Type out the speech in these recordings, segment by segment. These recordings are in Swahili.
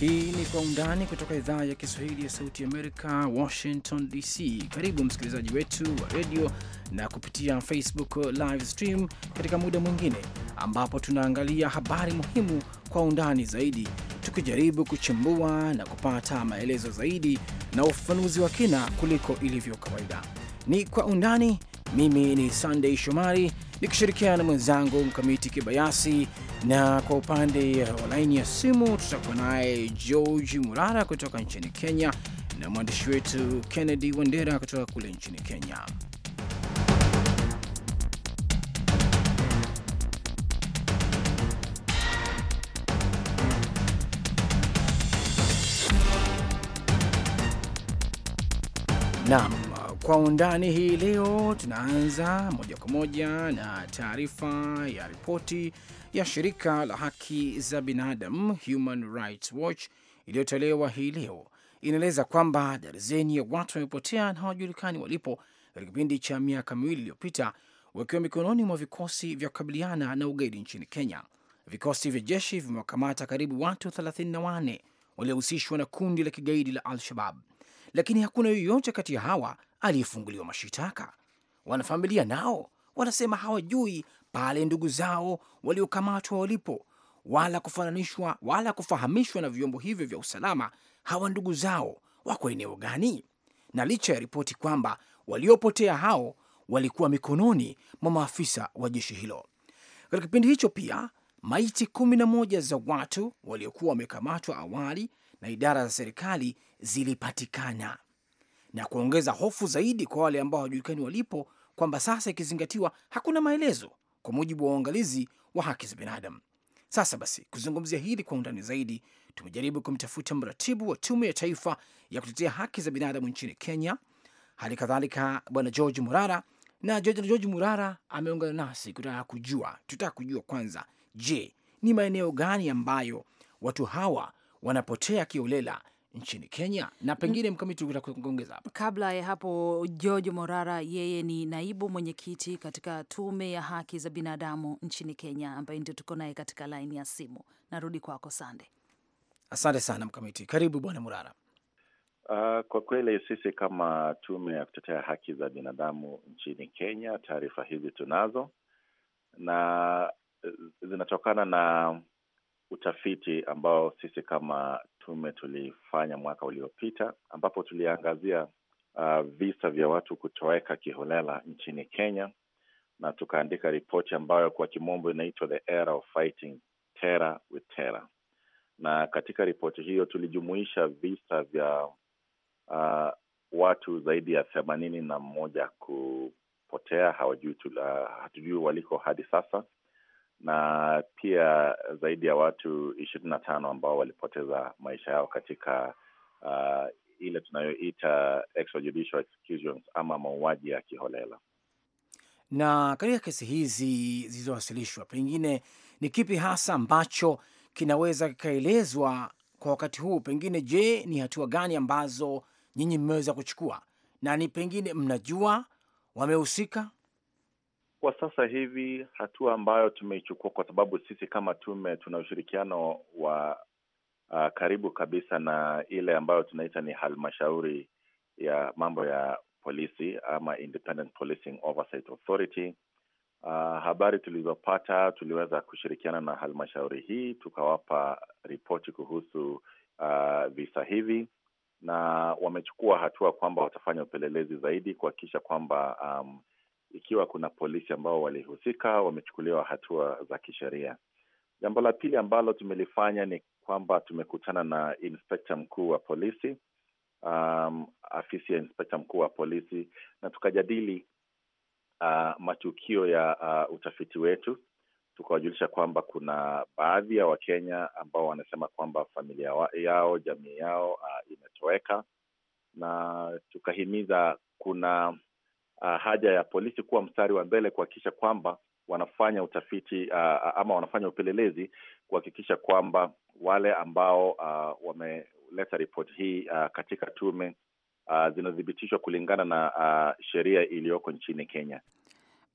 Hii ni Kwa Undani kutoka idhaa ya Kiswahili ya Sauti Amerika, Washington DC. Karibu msikilizaji wetu wa redio na kupitia Facebook live stream katika muda mwingine ambapo tunaangalia habari muhimu kwa undani zaidi, tukijaribu kuchimbua na kupata maelezo zaidi na ufafanuzi wa kina kuliko ilivyo kawaida. Ni Kwa Undani. Mimi ni Sunday Shomari nikishirikiana na mwenzangu Mkamiti Kibayasi, na kwa upande wa laini ya simu tutakuwa naye George Murara kutoka nchini Kenya na mwandishi wetu Kennedy Wandera kutoka kule nchini Kenya. Naam. Kwa undani hii leo tunaanza moja kwa moja na taarifa ya ripoti ya shirika la haki za binadamu Human Rights Watch iliyotolewa hii leo inaeleza kwamba darzeni ya watu wamepotea na hawajulikani walipo katika kipindi cha miaka miwili iliyopita wakiwa mikononi mwa vikosi vya kukabiliana na ugaidi nchini Kenya. Vikosi vya jeshi vimewakamata karibu watu 34 waliohusishwa na kundi la kigaidi la Al-Shabab, lakini hakuna yoyote kati ya hawa aliyefunguliwa mashitaka. Wanafamilia nao wanasema hawajui pale ndugu zao waliokamatwa walipo, wala kufananishwa wala kufahamishwa na vyombo hivyo vya usalama hawa ndugu zao wako eneo gani. Na licha ya ripoti kwamba waliopotea hao walikuwa mikononi mwa maafisa wa jeshi hilo, katika kipindi hicho pia maiti kumi na moja za watu waliokuwa wamekamatwa awali na idara za serikali zilipatikana na kuongeza hofu zaidi kwa wale ambao hawajulikani walipo, kwamba sasa ikizingatiwa hakuna maelezo, kwa mujibu wa uangalizi wa haki za binadamu. Sasa basi, kuzungumzia hili kwa undani zaidi, tumejaribu kumtafuta mratibu wa Tume ya Taifa ya Kutetea Haki za Binadamu nchini Kenya, hali kadhalika Bwana George Murara na George, George Murara ameungana nasi kutaka kujua, tutaka kujua kwanza, je, ni maeneo gani ambayo watu hawa wanapotea kiolela nchini Kenya na mm. pengine mkamiti ongeza hapa. Kabla ya hapo, George Morara yeye ni naibu mwenyekiti katika tume ya haki za binadamu nchini Kenya, ambaye ndio tuko naye katika laini ya simu. Narudi kwako Sande. Asante sana mkamiti, karibu bwana Morara. Uh, kwa kweli sisi kama tume ya kutetea haki za binadamu nchini Kenya, taarifa hizi tunazo na zinatokana na utafiti ambao sisi kama tume tulifanya mwaka uliopita ambapo tuliangazia uh, visa vya watu kutoweka kiholela nchini Kenya, na tukaandika ripoti ambayo kwa kimombo inaitwa The Era of Fighting Terror with Terror, na katika ripoti hiyo tulijumuisha visa vya uh, watu zaidi ya themanini na moja kupotea hawajui, hatujui waliko hadi sasa na pia zaidi ya watu ishirini na tano ambao walipoteza maisha yao katika uh, ile tunayoita extrajudicial executions ama mauaji ya kiholela. Na katika kesi hizi zilizowasilishwa, pengine ni kipi hasa ambacho kinaweza kikaelezwa kwa wakati huu? Pengine je, ni hatua gani ambazo nyinyi mmeweza kuchukua, na ni pengine mnajua wamehusika kwa sasa hivi hatua ambayo tumeichukua kwa sababu sisi kama tume tuna ushirikiano wa uh, karibu kabisa na ile ambayo tunaita ni halmashauri ya mambo ya polisi ama Independent Policing Oversight Authority. Uh, habari tulizopata tuliweza kushirikiana na halmashauri hii tukawapa ripoti kuhusu uh, visa hivi na wamechukua hatua kwamba watafanya upelelezi zaidi kuhakikisha kwamba um, ikiwa kuna polisi ambao walihusika wamechukuliwa hatua za kisheria. Jambo la pili ambalo tumelifanya ni kwamba tumekutana na inspekta mkuu wa polisi um, afisi ya inspekta mkuu wa polisi na tukajadili uh, matukio ya uh, utafiti wetu. Tukawajulisha kwamba kuna baadhi ya Wakenya ambao wanasema kwamba familia yao, jamii yao uh, imetoweka, na tukahimiza kuna uh, haja ya polisi kuwa mstari wa mbele kuhakikisha kwamba wanafanya utafiti uh, uh, ama wanafanya upelelezi kuhakikisha kwamba wale ambao uh, wameleta ripoti hii uh, katika tume uh, zinathibitishwa kulingana na uh, sheria iliyoko nchini Kenya.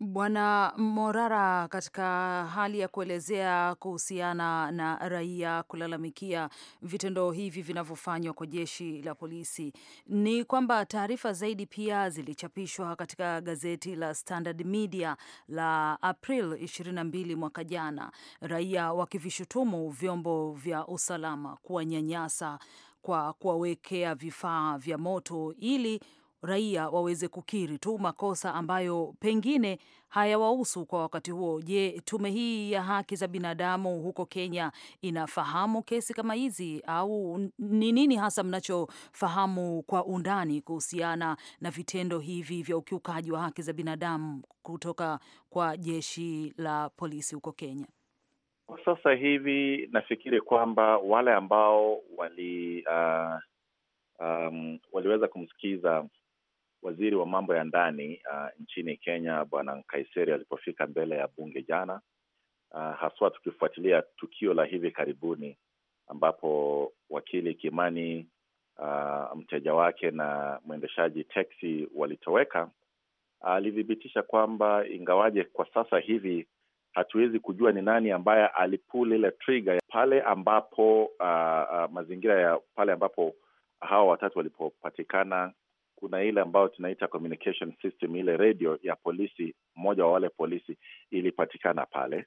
Bwana Morara, katika hali ya kuelezea kuhusiana na raia kulalamikia vitendo hivi vinavyofanywa kwa jeshi la polisi, ni kwamba taarifa zaidi pia zilichapishwa katika gazeti la Standard Media la April 22 mwaka jana, raia wakivishutumu vyombo vya usalama kuwanyanyasa kwa kuwawekea vifaa vya moto ili raia waweze kukiri tu makosa ambayo pengine hayawahusu kwa wakati huo. Je, tume hii ya haki za binadamu huko Kenya inafahamu kesi kama hizi au ni nini hasa mnachofahamu kwa undani kuhusiana na vitendo hivi vya ukiukaji wa haki za binadamu kutoka kwa jeshi la polisi huko Kenya? Kwa sasa hivi nafikiri kwamba wale ambao wali uh, um, waliweza kumsikiza waziri wa mambo ya ndani uh, nchini Kenya Bwana Kaiseri alipofika mbele ya bunge jana uh, haswa tukifuatilia tukio la hivi karibuni ambapo wakili Kimani uh, mteja wake na mwendeshaji teksi walitoweka, alithibitisha uh, kwamba ingawaje kwa sasa hivi hatuwezi kujua ni nani ambaye alipul ile trigger pale ambapo uh, uh, mazingira ya pale ambapo hawa watatu walipopatikana kuna ile ambayo tunaita communication system, ile redio ya polisi, mmoja wa wale polisi ilipatikana pale.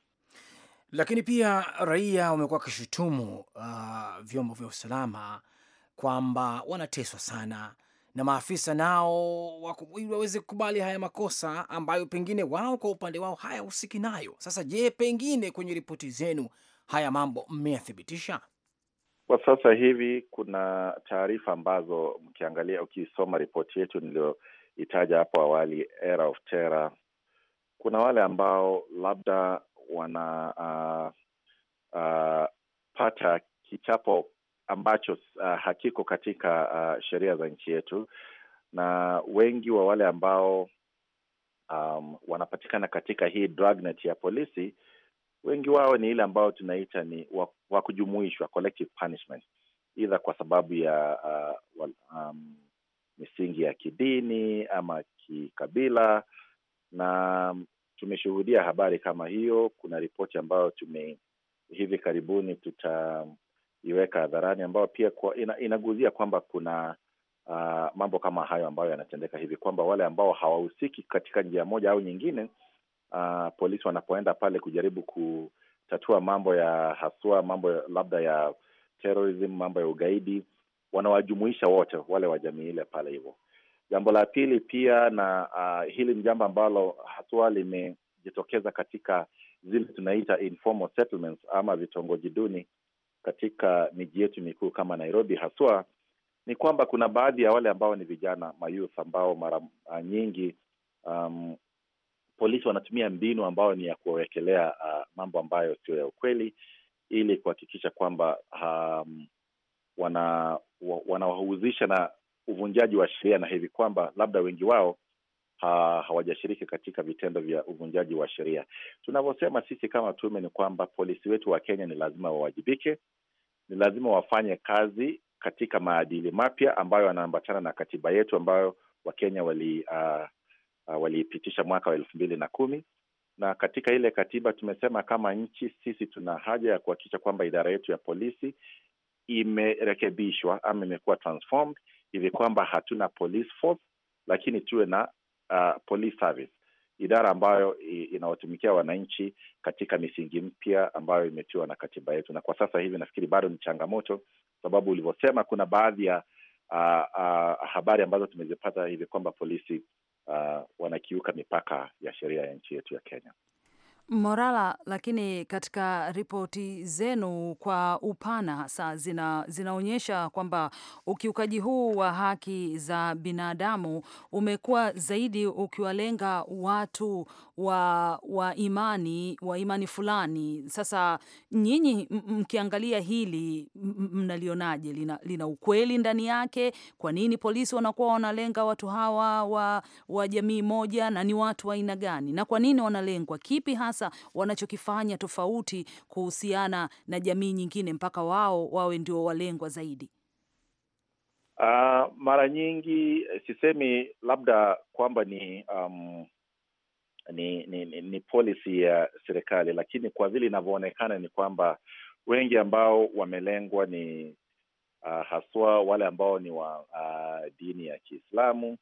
Lakini pia raia wamekuwa wakishutumu uh, vyombo vya usalama kwamba wanateswa sana na maafisa nao waweze kukubali haya makosa ambayo pengine wao kwa upande wao hayahusiki nayo. Sasa je, pengine kwenye ripoti zenu haya mambo mmeyathibitisha? Kwa sasa hivi kuna taarifa ambazo mkiangalia, ukisoma ripoti yetu niliyoitaja hapo awali, Era of Terror, kuna wale ambao labda wanapata ah, ah, uh, uh, kichapo ambacho uh, hakiko katika uh, sheria za nchi yetu, na wengi wa wale ambao um, wanapatikana katika hii dragnet ya polisi wengi wao ni ile ambayo tunaita ni wa kujumuishwa collective punishment, idha kwa sababu ya uh, um, misingi ya kidini ama kikabila, na tumeshuhudia habari kama hiyo. Kuna ripoti ambayo tume hivi karibuni tutaiweka hadharani, ambayo pia kwa, ina, inaguzia kwamba kuna uh, mambo kama hayo ambayo yanatendeka hivi, kwamba wale ambao hawahusiki katika njia moja au nyingine uh, polisi wanapoenda pale kujaribu kutatua mambo ya haswa mambo ya, labda ya terrorism, mambo ya ugaidi, wanawajumuisha wote wale wa jamii ile pale hivyo. Jambo la pili pia na uh, hili ni jambo ambalo haswa limejitokeza katika zile tunaita informal settlements ama vitongoji duni katika miji yetu mikuu kama Nairobi haswa, ni kwamba kuna baadhi ya wale ambao ni vijana mayouth ambao mara uh, nyingi um, polisi wanatumia mbinu ambayo ni ya kuwekelea uh, mambo ambayo sio ya ukweli ili kuhakikisha kwamba um, wanawahusisha wana na uvunjaji wa sheria na hivi kwamba labda wengi wao ha, hawajashiriki katika vitendo vya uvunjaji wa sheria. Tunavyosema sisi kama tume ni kwamba polisi wetu wa Kenya ni lazima wawajibike, ni lazima wafanye kazi katika maadili mapya ambayo yanaambatana na katiba yetu ambayo Wakenya wali uh, uh, waliipitisha mwaka wa elfu mbili na kumi na katika ile katiba tumesema kama nchi sisi tuna haja ya kuhakikisha kwamba idara yetu ya polisi imerekebishwa ama imekuwa transformed hivi kwamba hatuna police force, lakini tuwe na uh, police service, idara ambayo inawatumikia wananchi katika misingi mpya ambayo imetiwa na katiba yetu. Na kwa sasa hivi nafikiri bado ni changamoto, sababu ulivyosema, kuna baadhi ya uh, uh, habari ambazo tumezipata hivi kwamba polisi uh, wanakiuka mipaka ya sheria ya nchi yetu ya Kenya. Morala, lakini katika ripoti zenu kwa upana hasa zina, zinaonyesha kwamba ukiukaji huu wa haki za binadamu umekuwa zaidi ukiwalenga watu wa, wa imani wa imani fulani. Sasa nyinyi mkiangalia hili mnalionaje? Lina, lina ukweli ndani yake? Kwa nini polisi wanakuwa wanalenga watu hawa wa, wa jamii moja, na ni watu wa aina gani, na kwa nini wanalengwa? Kipi hasa sasa wanachokifanya tofauti kuhusiana na jamii nyingine mpaka wao wawe ndio walengwa zaidi? Uh, mara nyingi eh, sisemi labda kwamba ni um, ni, ni, ni, ni policy ya serikali, lakini kwa vile inavyoonekana ni kwamba wengi ambao wamelengwa ni uh, haswa wale ambao ni wa uh, dini ya Kiislamu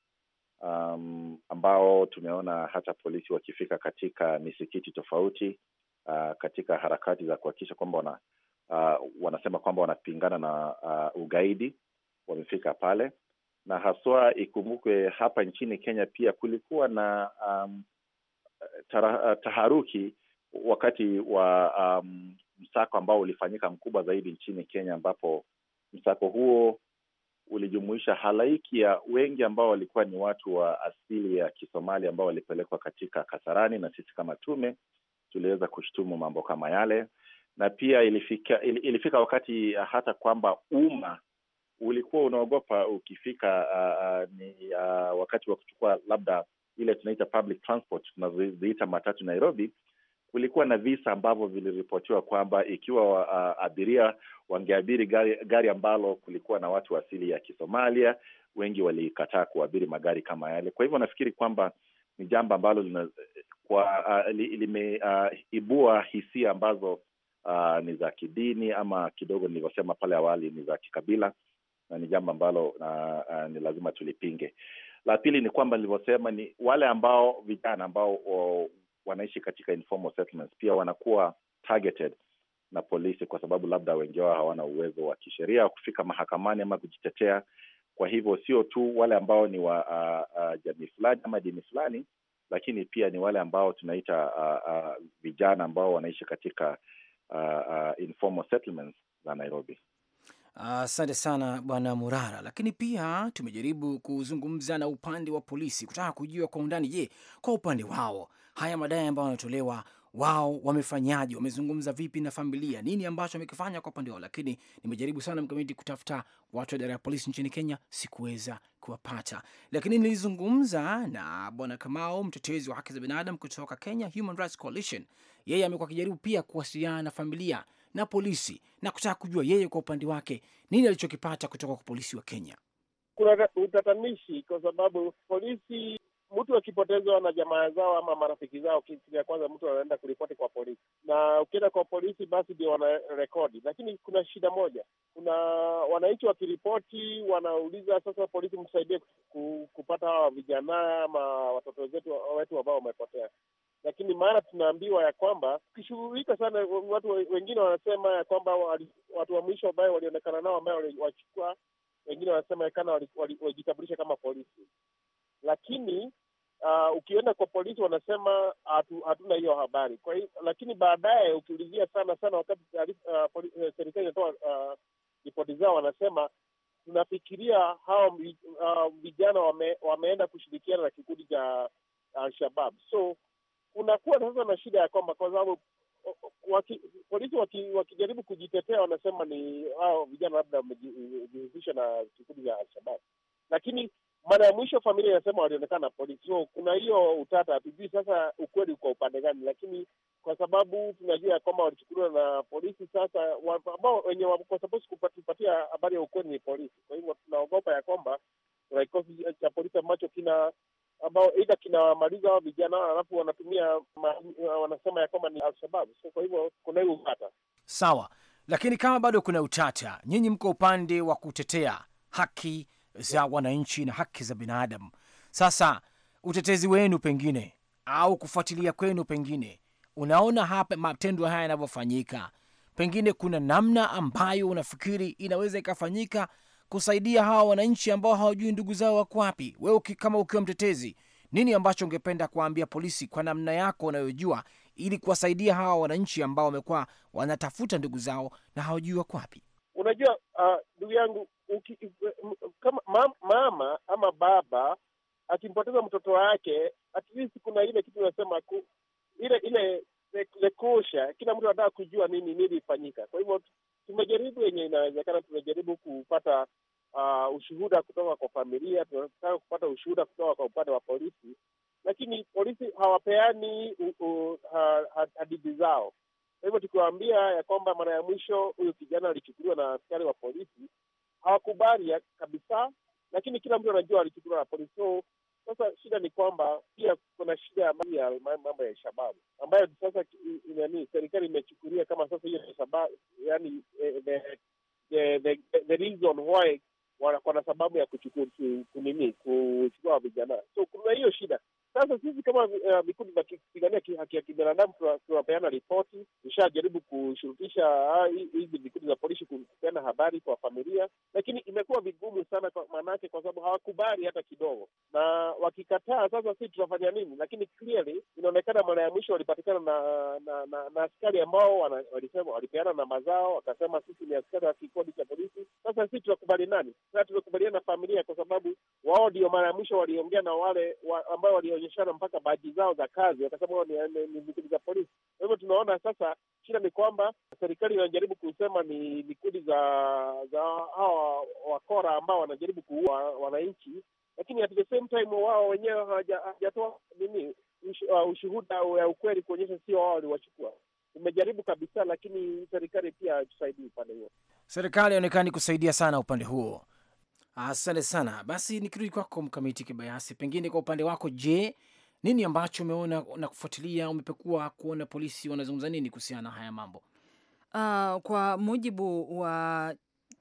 um, ambao tumeona hata polisi wakifika katika misikiti tofauti uh, katika harakati za kuhakikisha kwamba wana, uh, wanasema kwamba wanapingana na uh, ugaidi wamefika pale, na haswa ikumbukwe hapa nchini Kenya pia kulikuwa na um, tara, uh, taharuki wakati wa um, msako ambao ulifanyika mkubwa zaidi nchini Kenya ambapo msako huo ulijumuisha halaiki ya wengi ambao walikuwa ni watu wa asili ya Kisomali ambao walipelekwa katika Kasarani, na sisi kama tume tuliweza kushtumu mambo kama yale, na pia ilifika, ilifika wakati uh, hata kwamba umma ulikuwa unaogopa ukifika uh, uh, ni uh, wakati wa kuchukua labda ile tunaita public transport tunazoziita matatu Nairobi, kulikuwa na visa ambavyo viliripotiwa kwamba ikiwa uh, abiria wangeabiri gari, gari ambalo kulikuwa na watu wa asili ya Kisomalia, wengi walikataa kuabiri magari kama yale. Kwa hivyo nafikiri kwamba ni jambo ambalo kwa uh, li, limeibua uh, hisia ambazo uh, ni za kidini ama kidogo nilivyosema pale awali ni za kikabila, na ni jambo ambalo uh, uh, ni lazima tulipinge. La pili ni kwamba nilivyosema, ni wale ambao vijana ambao wanaishi katika informal settlements pia wanakuwa targeted na polisi kwa sababu labda wengi wao hawana uwezo wa kisheria wa kufika mahakamani ama kujitetea. Kwa hivyo sio tu wale ambao ni wa uh, uh, jamii fulani ama dini fulani, lakini pia ni wale ambao tunaita uh, uh, vijana ambao wanaishi katika uh, uh, informal settlements za Nairobi. Asante uh, sana bwana Murara. Lakini pia tumejaribu kuzungumza na upande wa polisi kutaka kujua kwa undani, je, kwa upande wao haya madai ambayo wanatolewa wao wamefanyaje? Wamezungumza vipi na familia? Nini ambacho wamekifanya kwa upande wao? Lakini nimejaribu sana mkamiti kutafuta watu wa idara ya polisi nchini Kenya, sikuweza kuwapata. Lakini nilizungumza na bwana Kamau, mtetezi wa haki za binadamu kutoka Kenya Human Rights Coalition. Yeye amekuwa akijaribu pia kuwasiliana na familia na polisi na kutaka kujua yeye kwa upande wake nini alichokipata kutoka kwa polisi wa Kenya. Kuna utatanishi kwa sababu polisi mtu akipotezwa na jamaa zao ama marafiki zao, kitu ya kwanza mtu anaenda kuripoti kwa polisi, na ukienda kwa polisi basi ndio wana rekodi Lakini kuna shida moja, kuna wananchi wakiripoti, wanauliza sasa, polisi msaidie kupata hawa vijana ama watoto zetu wetu ambao wamepotea. Lakini mara tunaambiwa ya kwamba ukishughulika sana, watu wengine wanasema ya kwamba watu wa mwisho ambayo walionekana nao ambayo waliwachukua, wengine wanasema kana walijitambulisha watu wanasema hatuna hiyo habari. Kwa hiyo lakini baadaye ukiulizia sana sana, wakati uh, eh, serikali inatoa uh, ripoti zao, wanasema tunafikiria hawa uh, vijana uh, wame, wameenda kushirikiana na kikundi cha alshabab So kunakuwa sasa na shida ya kwamba kwa sababu waki, polisi wakijaribu waki kujitetea wanasema ni hao vijana labda wamejihusisha na kikundi cha alshabab lakini mara ya mwisho familia inasema walionekana polisi. So kuna hiyo utata, hatujui sasa ukweli kwa upande gani, lakini kwa sababu tunajua ya kwamba walichukuliwa na polisi, sasa ambao wenye wako supposed kupatia habari ya ukweli ni polisi. Kwa hivyo tunaogopa ya kwamba kuna kikosi cha polisi ambacho kina ambao aidha kinawamaliza hao vijana halafu wanatumia wanasema ya kwamba ni Alshabab. So kwa hivyo kuna hiyo utata. Sawa, lakini kama bado kuna utata, nyinyi mko upande wa kutetea haki za wananchi na haki za binadamu. Sasa utetezi wenu pengine au kufuatilia kwenu pengine, unaona hapa matendo haya yanavyofanyika, pengine kuna namna ambayo unafikiri inaweza ikafanyika kusaidia hawa wananchi ambao hawajui ndugu zao wako wapi? Wewe kama ukiwa mtetezi, nini ambacho ungependa kuwaambia polisi kwa namna yako unayojua, ili kuwasaidia hawa wananchi ambao wamekuwa wanatafuta ndugu zao na hawajui wako wapi? Unajua ah, ndugu yangu, uki, kama mama ama baba akimpoteza mtoto wake, at least kuna ile kitu inasema ku, ile ile lekusha, kila mtu anataka kujua nini nini ifanyika. Kwa hivyo tumejaribu yenye inawezekana, tumejaribu kupata uh, ushuhuda kutoka kwa familia, tunataka kupata ushuhuda kutoka kwa upande wa polisi, lakini polisi hawapeani uh, uh, hadithi zao. Kwa hivyo tukiwaambia ya kwamba mara ya mwisho huyu kijana alichukuliwa na askari wa polisi hawakubali kabisa, lakini kila mtu anajua alichukuliwa na polisi. So sasa shida ni kwamba pia kuna shida ya mambo ya shababu ambayo sasa nani serikali imechukulia kama sasa hiyo sababu, yani eh, the, the, the, the reason why na sababu ya kunini kuchukua vijana. So kuna hiyo shida sasa sisi kama vikundi eh, uh, vya kupigania haki ya kibinadamu tunapeana ripoti. Tushajaribu kushurutisha ah, hizi vikundi vya polisi kupeana habari kwa familia, lakini imekuwa vigumu sana kwa maanake, kwa sababu hawakubali hata kidogo, na wakikataa sasa sisi tunafanya nini? Lakini clearly inaonekana mara ya mwisho walipatikana na na, na, na askari ambao walisema walipeana namba zao, wakasema sisi ni askari wa kikodi cha polisi. Sasa sisi tunakubali nani? Sasa tumekubaliana na familia, kwa sababu wao ndio mara ya mwisho waliongea na wale wa, ambao walio wanaonyeshana mpaka baji zao za kazi, wakasema ni vikundi za polisi. Kwa hivyo tunaona sasa shida ni kwamba serikali inajaribu kusema ni vikundi za za hawa wakora ambao wanajaribu kuua wananchi, lakini at the same time wao wenyewe hawajatoa nini uh, ushuhuda ya ukweli kuonyesha sio wao waliwachukua. Umejaribu kabisa, lakini serikali pia hatusaidii upande huo. Serikali haionekani kusaidia sana upande huo. Asante sana. Basi nikirudi kwako Mkamiti Kibayasi, pengine kwa upande wako, je, nini ambacho umeona na kufuatilia, umepekua kuona polisi wanazungumza nini kuhusiana na haya mambo? Uh, kwa mujibu wa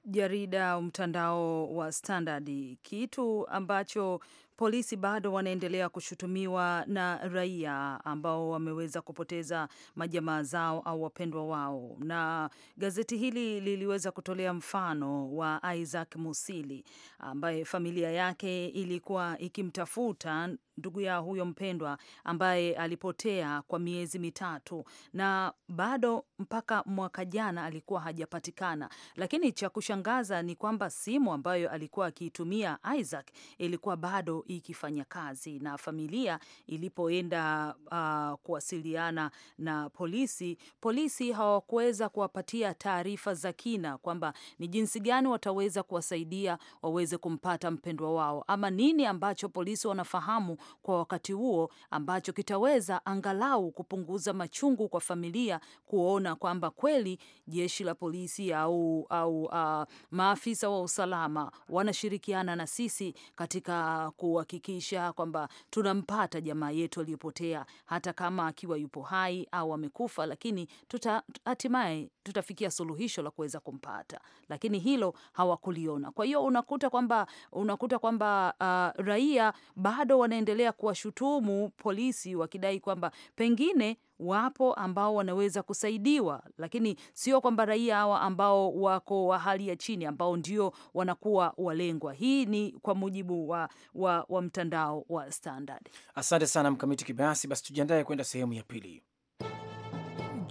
jarida mtandao wa Standard, kitu ambacho polisi bado wanaendelea kushutumiwa na raia ambao wameweza kupoteza majamaa zao au wapendwa wao, na gazeti hili liliweza kutolea mfano wa Isaac Musili ambaye familia yake ilikuwa ikimtafuta ndugu yao huyo mpendwa ambaye alipotea kwa miezi mitatu na bado mpaka mwaka jana alikuwa hajapatikana. Lakini cha kushangaza ni kwamba simu ambayo alikuwa akiitumia Isaac ilikuwa bado ikifanya kazi, na familia ilipoenda uh, kuwasiliana na polisi, polisi hawakuweza kuwapatia taarifa za kina kwamba ni jinsi gani wataweza kuwasaidia waweze kumpata mpendwa wao, ama nini ambacho polisi wanafahamu kwa wakati huo ambacho kitaweza angalau kupunguza machungu kwa familia kuona kwamba kweli jeshi la polisi au, au uh, maafisa wa usalama wanashirikiana na sisi katika ku kuhakikisha kwamba tunampata jamaa yetu aliyopotea, hata kama akiwa yupo hai au amekufa, lakini tuta, hatimaye tutafikia suluhisho la kuweza kumpata, lakini hilo hawakuliona. Kwa hiyo unakuta kwamba unakuta kwamba uh, raia bado wanaendelea kuwashutumu polisi wakidai kwamba pengine wapo ambao wanaweza kusaidiwa, lakini sio kwamba raia hawa ambao wako wa hali ya chini ambao ndio wanakuwa walengwa. Hii ni kwa mujibu wa, wa, wa mtandao wa Standard. Asante sana Mkamiti Kibayasi. Basi tujiandae kwenda sehemu ya pili.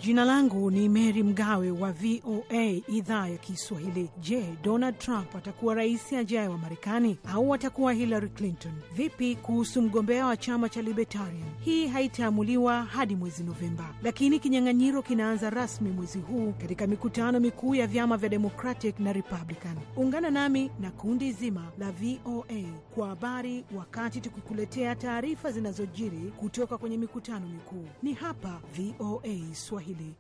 Jina langu ni Mary Mgawe wa VOA idhaa ya Kiswahili. Je, Donald Trump atakuwa rais ajaye wa Marekani au atakuwa Hillary Clinton? Vipi kuhusu mgombea wa chama cha Libertarian? Hii haitaamuliwa hadi mwezi Novemba, lakini kinyang'anyiro kinaanza rasmi mwezi huu katika mikutano mikuu ya vyama vya Democratic na Republican. Ungana nami na kundi zima la VOA kwa habari, wakati tukikuletea taarifa zinazojiri kutoka kwenye mikutano mikuu. Ni hapa VOA Swahili akili.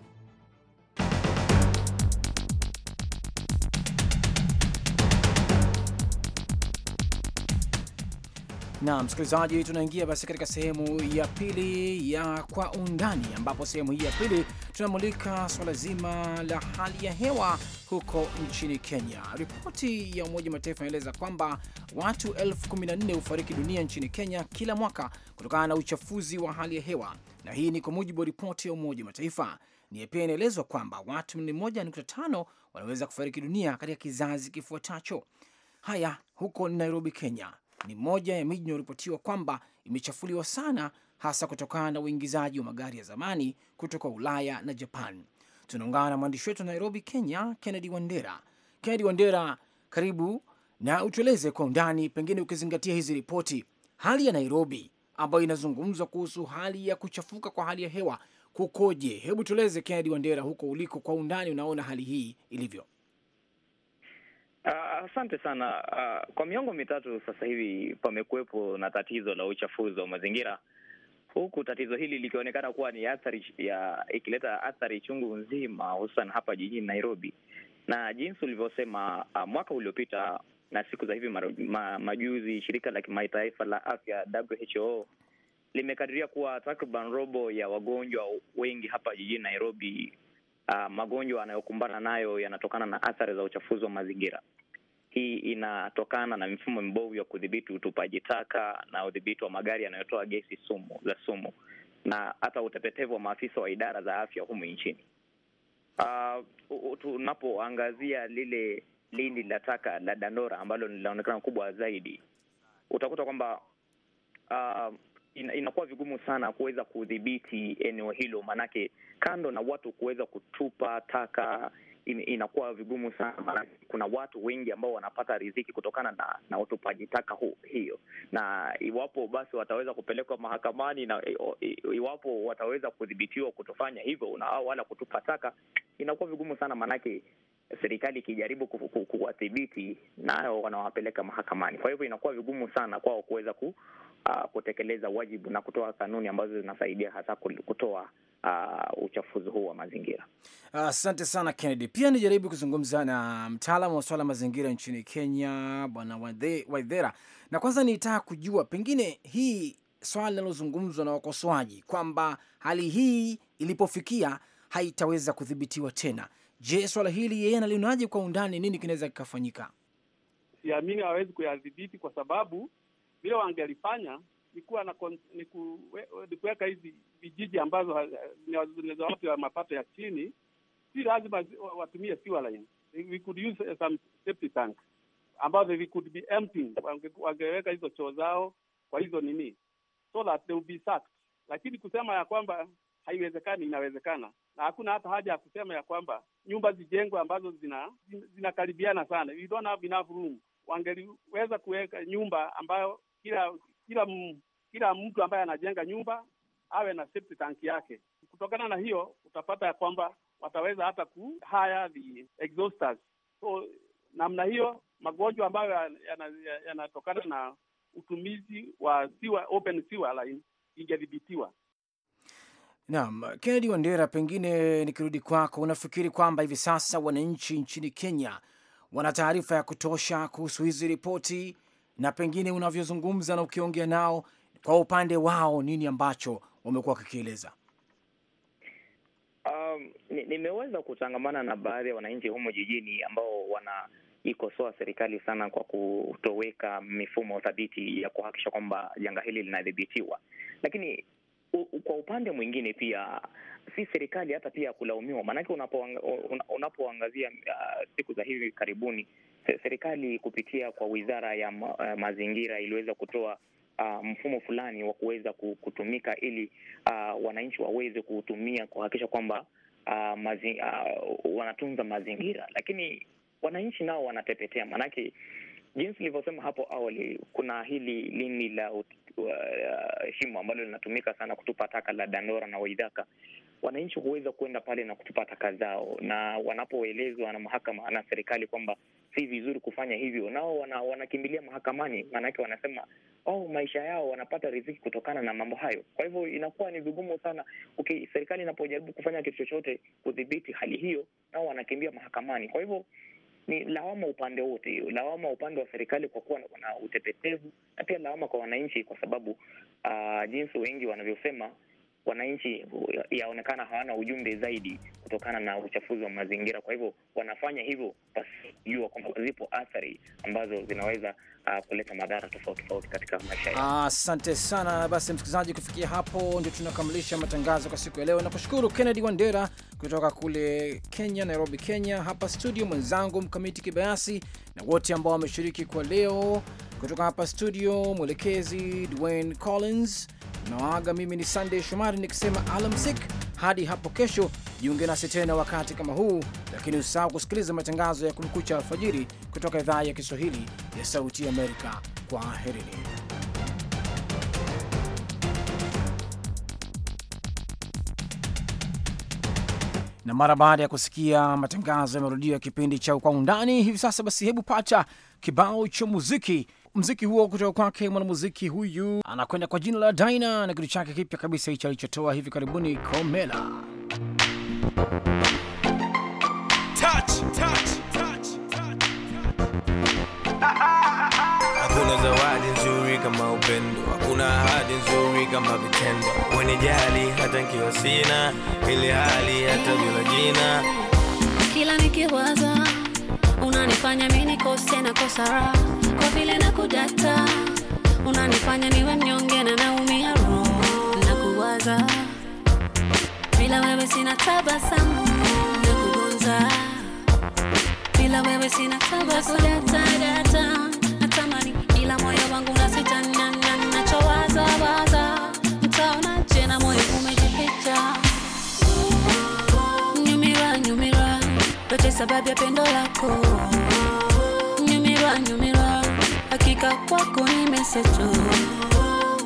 Na msikilizaji, tunaingia basi katika sehemu ya pili ya Kwa Undani, ambapo sehemu hii ya pili tunamulika swala zima la hali ya hewa huko nchini Kenya. Ripoti ya Umoja Mataifa inaeleza kwamba watu elfu kumi na nne hufariki dunia nchini Kenya kila mwaka kutokana na uchafuzi wa hali ya hewa, na hii ni kwa mujibu wa ripoti ya Umoja Mataifa. Ni pia inaelezwa kwamba watu milioni 1.5 wanaweza kufariki dunia katika kizazi kifuatacho. Haya, huko Nairobi, Kenya, ni moja ya miji inayoripotiwa kwamba imechafuliwa sana hasa kutokana na uingizaji wa magari ya zamani kutoka Ulaya na Japan. Tunaungana na mwandishi wetu Nairobi, Kenya, Kennedy Wandera. Kennedy Wandera, karibu na utueleze kwa undani, pengine ukizingatia hizi ripoti, hali ya Nairobi ambayo inazungumzwa kuhusu hali ya kuchafuka kwa hali ya hewa kukoje? Hebu tueleze Kennedy Wandera, huko uliko kwa undani unaona hali hii ilivyo. Ah, asante uh, sana uh, kwa miongo mitatu sasa hivi pamekuwepo na tatizo la uchafuzi wa mazingira huku tatizo hili likionekana kuwa ni athari ya ikileta athari chungu nzima, hususan hapa jijini Nairobi. Na jinsi ulivyosema, uh, mwaka uliopita na siku za hivi maru, ma, majuzi shirika la kimataifa la afya WHO limekadiria kuwa takriban robo ya wagonjwa wengi hapa jijini Nairobi, uh, magonjwa anayokumbana nayo yanatokana na athari za uchafuzi wa mazingira. Hii inatokana na mifumo mibovu ya kudhibiti utupaji taka na udhibiti wa magari yanayotoa gesi sumu za sumu na hata utepetevu wa maafisa wa idara za afya humu nchini. Uh, tunapoangazia lile lindi la taka la Dandora ambalo linaonekana kubwa zaidi, utakuta kwamba uh, inakuwa vigumu sana kuweza kudhibiti eneo hilo, maanake kando na watu kuweza kutupa taka in, inakuwa vigumu sana. Kuna watu wengi ambao wanapata riziki kutokana na, na utupaji taka hu, hiyo, na iwapo basi wataweza kupelekwa mahakamani na iwapo wataweza kudhibitiwa kutofanya hivyo na wala kutupa taka, inakuwa vigumu sana maanake serikali ikijaribu kuwadhibiti nayo wanawapeleka mahakamani. Kwa hivyo inakuwa vigumu sana kwao kuweza ku, uh, kutekeleza wajibu na kutoa kanuni ambazo zinasaidia hasa kutoa uh, uchafuzi huu wa mazingira. Asante uh, sana Kennedy. Pia nijaribu kuzungumza na mtaalamu wa swala mazingira nchini Kenya, Bwana waidhera na kwanza nitaka kujua pengine hii swala linalozungumzwa na wakosoaji kwamba hali hii ilipofikia haitaweza kudhibitiwa tena. Je, swala hili yeye analionaje kwa undani? Nini kinaweza kikafanyika? Siamini hawezi kuyadhibiti kwa sababu vile wangelifanya ni kuwa na ni kuweka hizi vijiji ambazo ni za watu wa mapato ya chini, si lazima watumie sewer line. We could use eh, some septic tank ambazo we could be emptying, wangeweka hizo choo zao kwa hizo nini, so that they will be sacked. Lakini kusema ya kwamba haiwezekani, inawezekana, na hakuna hata haja ya kusema ya kwamba nyumba zijengwe ambazo zina zinakaribiana sana, we don't have enough room. Wangeliweza kuweka nyumba ambayo kila kila m, kila mtu ambaye anajenga nyumba awe na septic tank yake. Kutokana na hiyo utapata ya kwamba wataweza hata ku hire the exhausters. So namna hiyo magonjwa ambayo yanatokana ya, ya, ya na utumizi wa siwa, open siwa line ingedhibitiwa. Naam, Kennedy Wandera, pengine nikirudi kwako, unafikiri kwamba hivi sasa wananchi nchini Kenya wana taarifa ya kutosha kuhusu hizi ripoti na pengine unavyozungumza na ukiongea nao, kwa upande wao nini ambacho wamekuwa wakikieleza? Um, nimeweza ni kutangamana na baadhi ya wananchi humo jijini ambao wanaikosoa serikali sana kwa kutoweka mifumo thabiti ya kuhakikisha kwamba janga hili linadhibitiwa, lakini kwa upande mwingine pia si serikali hata pia kulaumiwa, maanake unapoangazia uh, siku za hivi karibuni serikali kupitia kwa wizara ya ma, uh, mazingira iliweza kutoa uh, mfumo fulani wa kuweza kutumika ili uh, wananchi waweze kutumia kuhakikisha kwamba uh, mazi, uh, wanatunza mazingira, lakini wananchi nao wanatepetea, maanake jinsi nilivyosema hapo awali, kuna hili lini la uh, shimo uh, ambalo linatumika sana kutupa taka la Dandora na Waidhaka, wananchi huweza kuenda pale na kutupa taka zao, na wanapoelezwa na mahakama na serikali kwamba si vizuri kufanya hivyo, nao wana, wanakimbilia mahakamani, maanake wanasema au oh, maisha yao wanapata riziki kutokana na mambo hayo. Kwa hivyo inakuwa ni vigumu sana okay, serikali inapojaribu kufanya kitu chochote kudhibiti hali hiyo, nao wanakimbia mahakamani. Kwa hivyo ni lawama upande wote, hiyo lawama upande wa serikali kwa kuwa na utepetevu na pia lawama kwa wananchi, kwa sababu uh, jinsi wengi wanavyosema wananchi yaonekana hawana ujumbe zaidi kutokana na uchafuzi wa mazingira. Kwa hivyo wanafanya hivyo pasijua kwamba zipo athari ambazo zinaweza uh, kuleta madhara tofauti tofauti katika maisha yao. Ah, asante ah, sana. Basi msikilizaji, kufikia hapo ndio tunakamilisha matangazo kwa siku ya leo. Nakushukuru Kennedy Wandera kutoka kule Kenya, Nairobi, Kenya. Hapa studio mwenzangu Mkamiti Kibayasi na wote ambao wameshiriki kwa leo. Kutoka hapa studio mwelekezi Dwayne Collins Nawaaga mimi ni sandey Shomari nikisema alamsik hadi hapo kesho. Jiunge nasi tena wakati kama huu, lakini usisahau kusikiliza matangazo ya Kumekucha alfajiri kutoka idhaa ya Kiswahili ya Sauti Amerika. Kwa aherini na mara baada ya kusikia matangazo ya marudio ya kipindi cha Kwa Undani hivi sasa, basi hebu pata kibao cha muziki mziki huo kutoka kwake mwanamuziki huyu anakwenda kwa jina la Daina na kitu chake kipya kabisa hicho alichotoa hivi karibuni Komela. touch, touch, Hakuna zawadi nzuri kama upendo, hakuna ahadi nzuri kama vitendo. Wanijali hata nkiwa sina, ili hali hata bila jina, kila nikiwaza unanifanya mimi nikose na kosara kwa vile nakudata, unanifanya niwe mnyonge na naumia roho na kuwaza, bila wewe sina tabasamu na kugonza, bila wewe sina tabasamu na kudata, natamani ila moyo wangu unasita nachowaza waza, mtaona moyo umejificha nyumira nyumira, yote sababu ya pendo lako kufika kwako nimesetu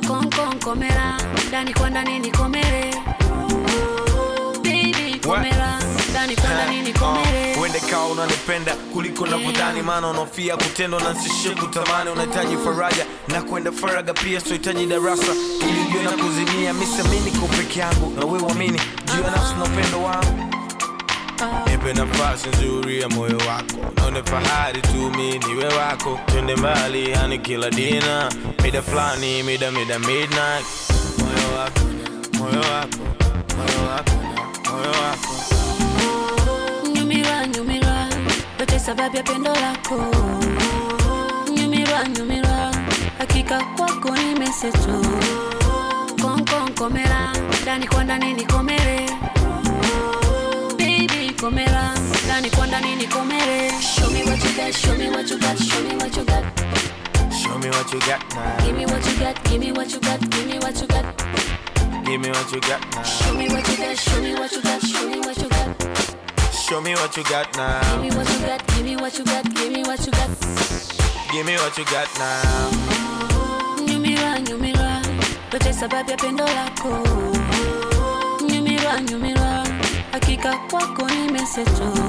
konko nkomera ndani kwa ndani nikomere uh, uende kawa unanipenda kuliko navyodhani maana unaofia kutendwa na nsishe kutamani unahitaji faraja na kwenda faraga pia sohitaji darasa tulijua na kuzimia misamini kwa peke yangu na wewe juu ya nafsi na upendo wangu napenda fasi nzuri ya moyo wako, naone fahari tu mi niwe wako, twende mbali yani kila dina, mida fulani, mida mida midnight, wako, moyo ya pendo lako nyumira hakika kwako nimeseto konkonkomera ndani kwa ndani nikomere nikomera ndani kwa ndani nikomere show me what you got show me what you got show me what you got show me what you got now give me what you got give me what you got give me what you got give me what you got now show me what you got show me what you got show me what you got Show me what you got now. Give me what you got, give me what you got, give me what you got. Give me what you got now. Nyumira, nyumira, lote sababu ya pendo lako. Nyumira, nyumira, hakika kwako niache tu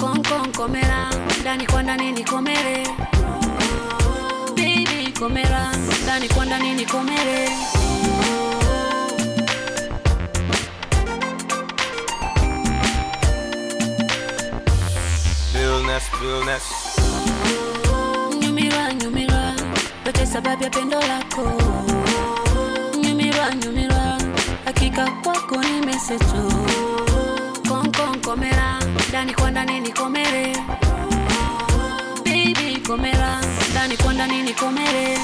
konkonkomera ndani kwa ndani nikomere baby komera ndani kwa ndani nikomere oh. realness, realness. sababu ya pendo lako. Nyumira, nyumira, hakika kwako nimeseto. komera ndani kwa ndani nikomere baby komera ndani kwa ndani nikomere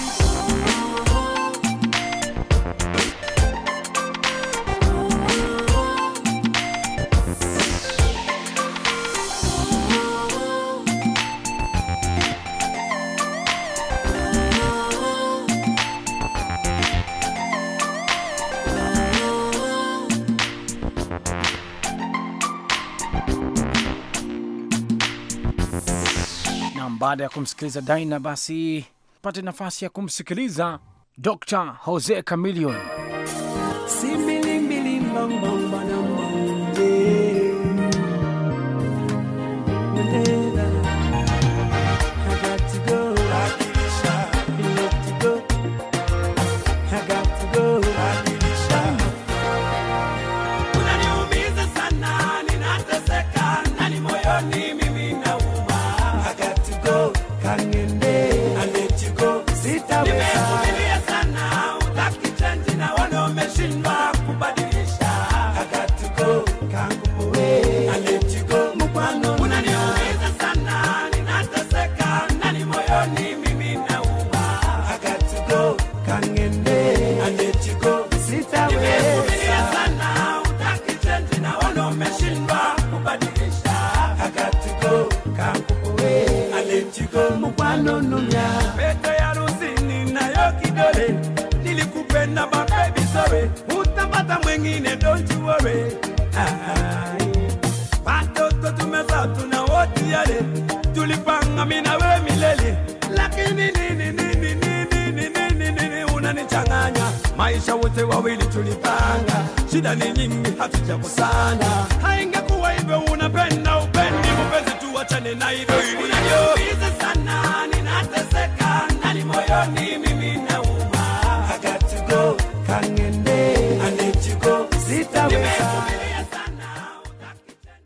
baada ya kumsikiliza Daina, basi pate nafasi ya kumsikiliza Dr. Jose Chameleone. shida ni nyingi, hatujakosana. Haingekuwa hivyo, unapenda upendi, mpenzi, tuachane na hivyo